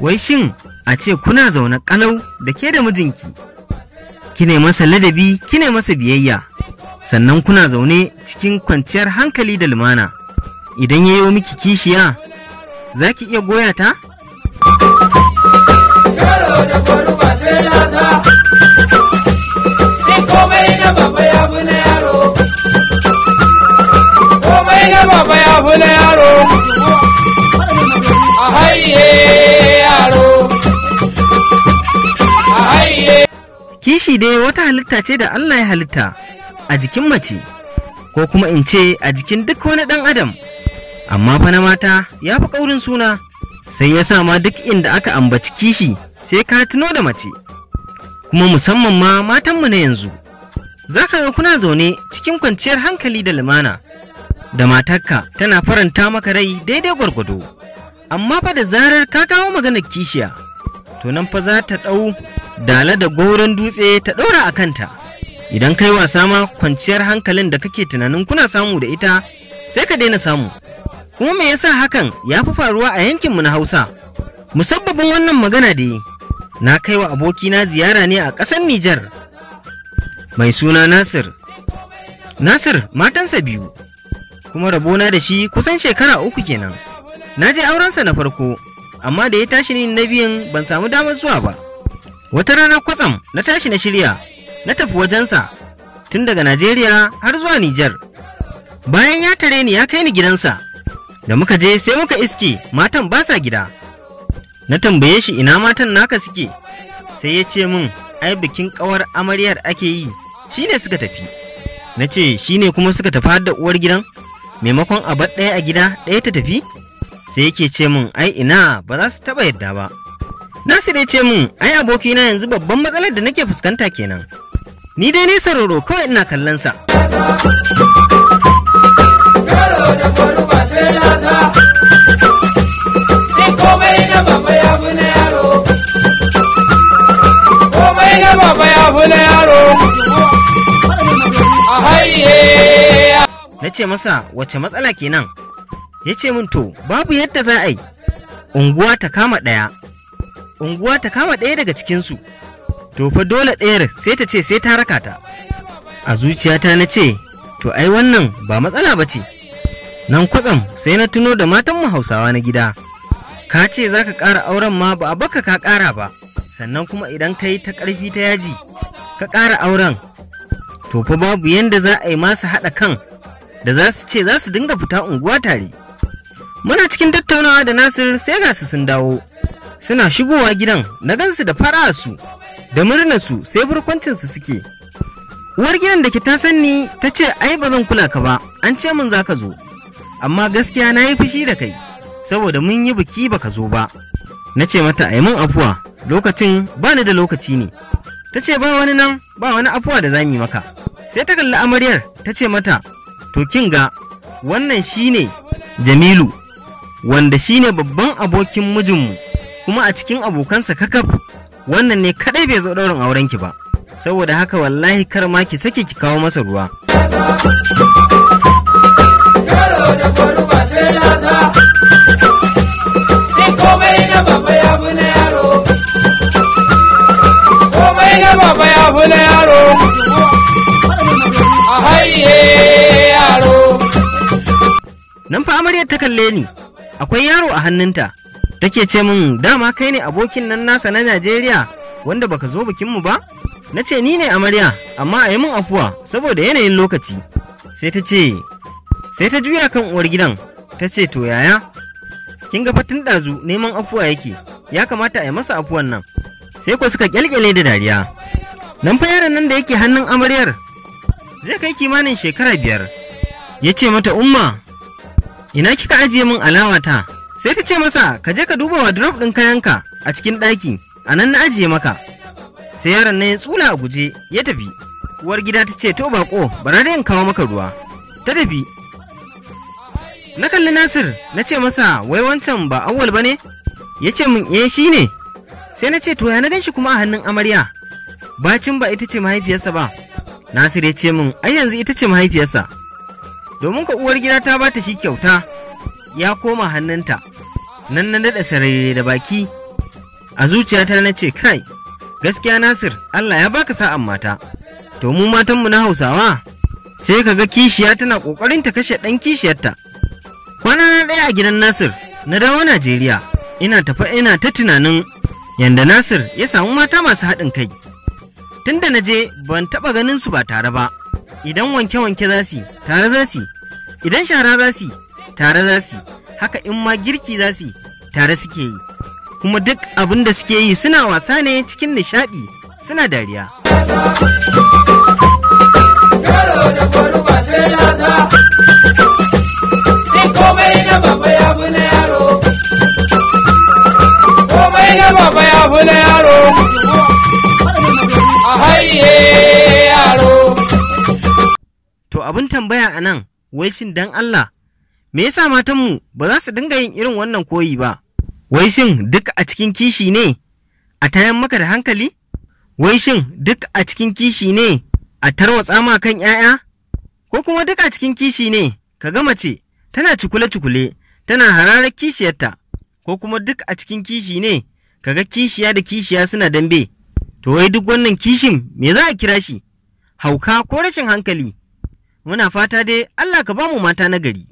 Wai shin a ce kuna zaune kalau da ke da mijinki, kine masa ladabi kine masa biyayya, sannan kuna zaune cikin kwanciyar hankali da lumana, idan ya yi miki kishiya za ki iya goya ta? Yaro Kishi dai wata halitta ce da Allah ya halitta a jikin mace, ko kuma in ce a jikin duk wani ɗan adam. amma fa na mata ya fi ƙaurin suna sai ya sa ma duk inda aka ambaci kishi sai ka tuno da mace kuma musamman ma matanmu na yanzu za ka ga kuna zaune cikin kwanciyar hankali da lumana da matarka tana faranta maka rai daidai gwargwado amma fa da zarar ka kawo maganar kishiya to nan fa za ta ɗau dala da goron dutse ta ɗora a kanta idan kai wasa ma kwanciyar hankalin da kake tunanin kuna samu da ita sai ka daina samu kuma me yasa hakan ya fi faruwa a yankinmu na Hausa. Musabbabin wannan magana da na kai wa abokina ziyara ne a ƙasar Nijar mai suna Nasir. Nasir matansa biyu, kuma rabona da shi kusan shekara uku kenan. Na je aurensa na farko, amma da ya tashi ni na biyan ban samu damar zuwa ba. Wata rana kwatsam na tashi na shirya, na tafi wajensa, tun daga Najeriya har zuwa Nijar. Bayan ya tare ni ya kai ni gidansa, da muka je sai muka iske matan ba sa gida na tambaye shi ina matan naka suke sai ya ce min ai bikin kawar amaryar ake yi shine suka tafi na ce shine kuma suka tafi da uwar gidan maimakon a bar ɗaya a gida ɗaya ta tafi sai yake ce min ai ina ba za su taɓa yadda ba Na sai ce min ai abokina yanzu babban matsalar da nake fuskanta kenan ni dai nisa saroro kawai ina kallon sa na ce masa wace matsala kenan ya ce min to babu yadda za a yi unguwa ta kama ɗaya unguwa ta kama ɗaya daga cikinsu to fa dole ɗayar sai ta ce sai ta raka ta a zuciyata na ce to ai wannan ba matsala ba ce nan kwatsam sai na tuno da matan mu hausawa na gida ka ce za ka ƙara auren ma ba a baka ka ƙara ba sannan kuma idan ka yi ta ƙarfi ta yaji ka ƙara auren to fa babu yadda za a yi masu haɗa kan da za su ce za su dinga fita unguwa tare muna cikin tattaunawa da nasir sai ga su sun dawo suna shigowa gidan na gansu da fara su da murna su sai burkwancin su suke uwar gidan da ke ta sanni ta ce ai ba zan kula ka ba an ce mun za ka zo amma gaskiya na yi fushi da kai saboda mun yi biki ba ka zo ba na ce mata ai mun afuwa lokacin ba ni da lokaci ne ta ce ba wani nan ba wani afuwa da za mu yi maka sai ta kalli amaryar ta ce mata to kin ga wannan shine Jamilu wanda shine babban abokin mijinmu kuma a cikin abokansa kakaf wannan ne kadai bai zo daurin aurenki ba saboda haka wallahi kar ma ki sake ki kawo masa ruwa. Yaro da Nan fa amaryar ta kalle ni, akwai yaro a hannunta. Take ce min dama kai ne abokin nan nasa na Najeriya wanda baka zo bikinmu ba? Na ce ni ne amarya, amma a yi min afuwa saboda yanayin lokaci. Sai ta ce, sai ta juya kan uwar gidan, ta ce to yaya? Kin ga fatin ɗazu neman afuwa yake, ya kamata a yi masa afuwan nan. Sai ku suka kyalkyale da dariya. Nan fa yaron nan da yake hannun amaryar zai kai kimanin shekara biyar. Ya ce mata umma ina kika ajiye min alawa ta sai ta ce masa ka je ka duba wardrobe din kayanka a cikin ɗaki a nan na ajiye maka sai yaron nan ya tsula a guje ya tafi uwar gida ta ce to bako bara da in kawo maka ruwa ta tafi na kalli nasir na ce masa wai wancan ba awwal ba ne ya ce min eh shi ne sai na ce to ya na gan shi kuma a hannun amarya bacin ba ita ce mahaifiyarsa ba nasir ya ce min ai yanzu ita ce mahaifiyarsa domin ka uwar gida ta bata shi kyauta ya koma hannunta nan na daɗa sarari da baki a zuciyata na ce kai gaskiya nasir allah ya baka sa'an mata to mu matanmu na hausawa sai ka ga kishiya tana ƙoƙarin ta kashe ɗan kishiyarta kwana na ɗaya a gidan nasir na dawo najeriya ina tafa ina ta tunanin yanda nasir ya samu mata masu haɗin kai tunda na je ban taɓa ganin su ba tare ba idan wanke-wanke za su tare za su idan shara za su tare za su haka in ma girki za su tare suke yi kuma duk abin da suke yi suna wasa ne cikin nishaɗi suna dariya komai na baba ya fi na yaro abin tambaya a nan wai shin dan Allah me yasa matanmu ba za su dinga yin irin wannan koyi ba wai shin duk a cikin kishi ne a tayan maka da hankali wai shin duk a cikin kishi ne a tarwatsa ma kan 'ya'ya ko kuma duk a cikin kishi ne ka ga mace tana cikule-cikule tana hararar kishiyarta ko kuma duk a cikin kishi ne ka ga kishiya da kishiya suna dambe to wai duk wannan kishin me za a kira shi hauka ko rashin hankali Muna fata dai Allah ka ba mu mata na gari.